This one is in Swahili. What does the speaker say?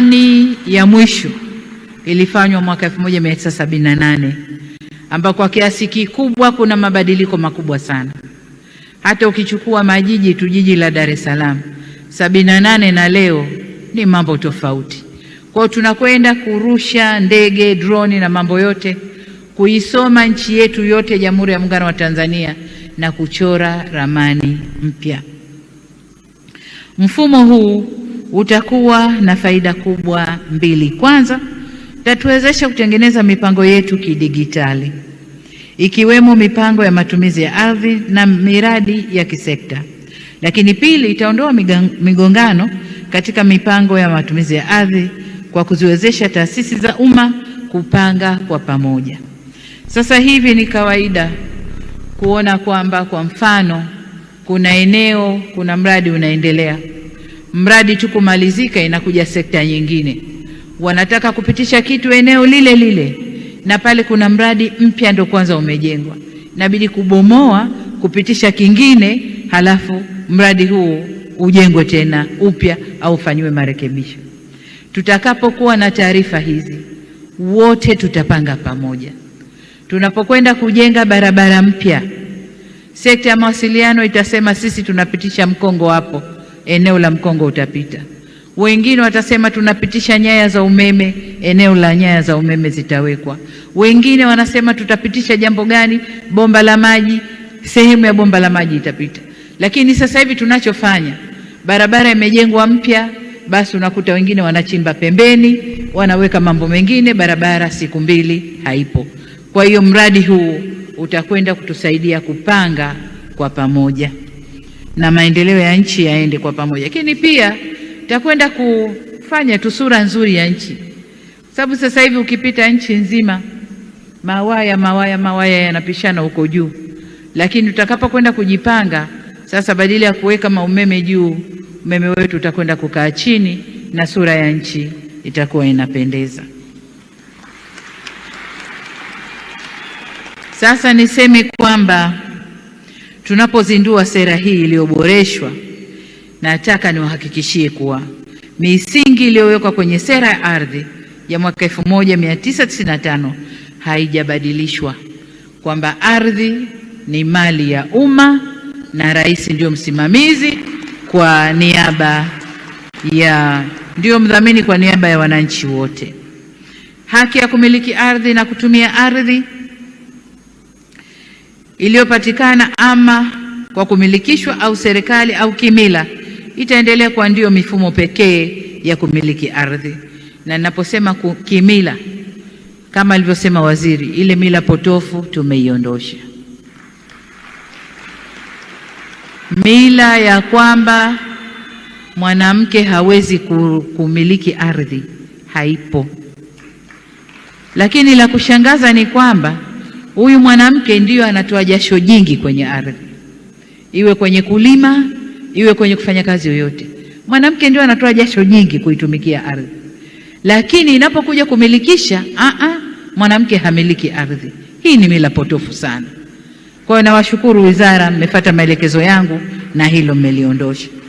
Thamani ya mwisho ilifanywa mwaka 1978 ambapo kwa kiasi kikubwa kuna mabadiliko makubwa sana. Hata ukichukua majiji tu, jiji la Dar es Salaam nane na leo ni mambo tofauti. Kwao tunakwenda kurusha ndege, droni na mambo yote, kuisoma nchi yetu yote, Jamhuri ya Muungano wa Tanzania na kuchora ramani mpya. Mfumo huu utakuwa na faida kubwa mbili. Kwanza, utatuwezesha kutengeneza mipango yetu kidigitali ikiwemo mipango ya matumizi ya ardhi na miradi ya kisekta. Lakini pili, itaondoa migongano katika mipango ya matumizi ya ardhi kwa kuziwezesha taasisi za umma kupanga kwa pamoja. Sasa hivi ni kawaida kuona kwamba kwa mfano kuna eneo, kuna mradi unaendelea, mradi tu kumalizika, inakuja sekta nyingine, wanataka kupitisha kitu eneo lile lile, na pale kuna mradi mpya ndo kwanza umejengwa, inabidi kubomoa kupitisha kingine, halafu mradi huu ujengwe tena upya au ufanyiwe marekebisho. Tutakapokuwa na taarifa hizi, wote tutapanga pamoja. Tunapokwenda kujenga barabara mpya, sekta ya mawasiliano itasema sisi tunapitisha mkongo hapo eneo la Mkongo utapita. Wengine watasema tunapitisha nyaya za umeme, eneo la nyaya za umeme zitawekwa. Wengine wanasema tutapitisha jambo gani, bomba la maji, sehemu ya bomba la maji itapita. Lakini sasa hivi tunachofanya, barabara imejengwa mpya, basi unakuta wengine wanachimba pembeni, wanaweka mambo mengine, barabara siku mbili haipo. Kwa hiyo mradi huu utakwenda kutusaidia kupanga kwa pamoja na maendeleo ya nchi yaende kwa pamoja, lakini pia takwenda kufanya tu sura nzuri ya nchi, sababu sasa hivi ukipita nchi nzima mawaya mawaya mawaya yanapishana huko juu, lakini tutakapokwenda kujipanga sasa, badala ya kuweka maumeme juu, umeme wetu utakwenda kukaa chini na sura ya nchi itakuwa inapendeza. Sasa niseme kwamba Tunapozindua sera hii iliyoboreshwa, nataka niwahakikishie kuwa misingi iliyowekwa kwenye sera ya ardhi ya mwaka 1995 haijabadilishwa, kwamba ardhi ni mali ya umma na rais ndiyo msimamizi kwa niaba ya ndio mdhamini kwa niaba ya wananchi wote. Haki ya kumiliki ardhi na kutumia ardhi iliyopatikana ama kwa kumilikishwa au serikali au kimila itaendelea kuwa ndio mifumo pekee ya kumiliki ardhi. Na ninaposema kimila, kama alivyosema waziri, ile mila potofu tumeiondosha, mila ya kwamba mwanamke hawezi kumiliki ardhi haipo. Lakini la kushangaza ni kwamba Huyu mwanamke ndiyo anatoa jasho jingi kwenye ardhi, iwe kwenye kulima, iwe kwenye kufanya kazi yoyote. Mwanamke ndio anatoa jasho jingi kuitumikia ardhi, lakini inapokuja kumilikisha, a a, mwanamke hamiliki ardhi. Hii ni mila potofu sana. Kwa hiyo nawashukuru wizara, mmefuata maelekezo yangu na hilo mmeliondosha.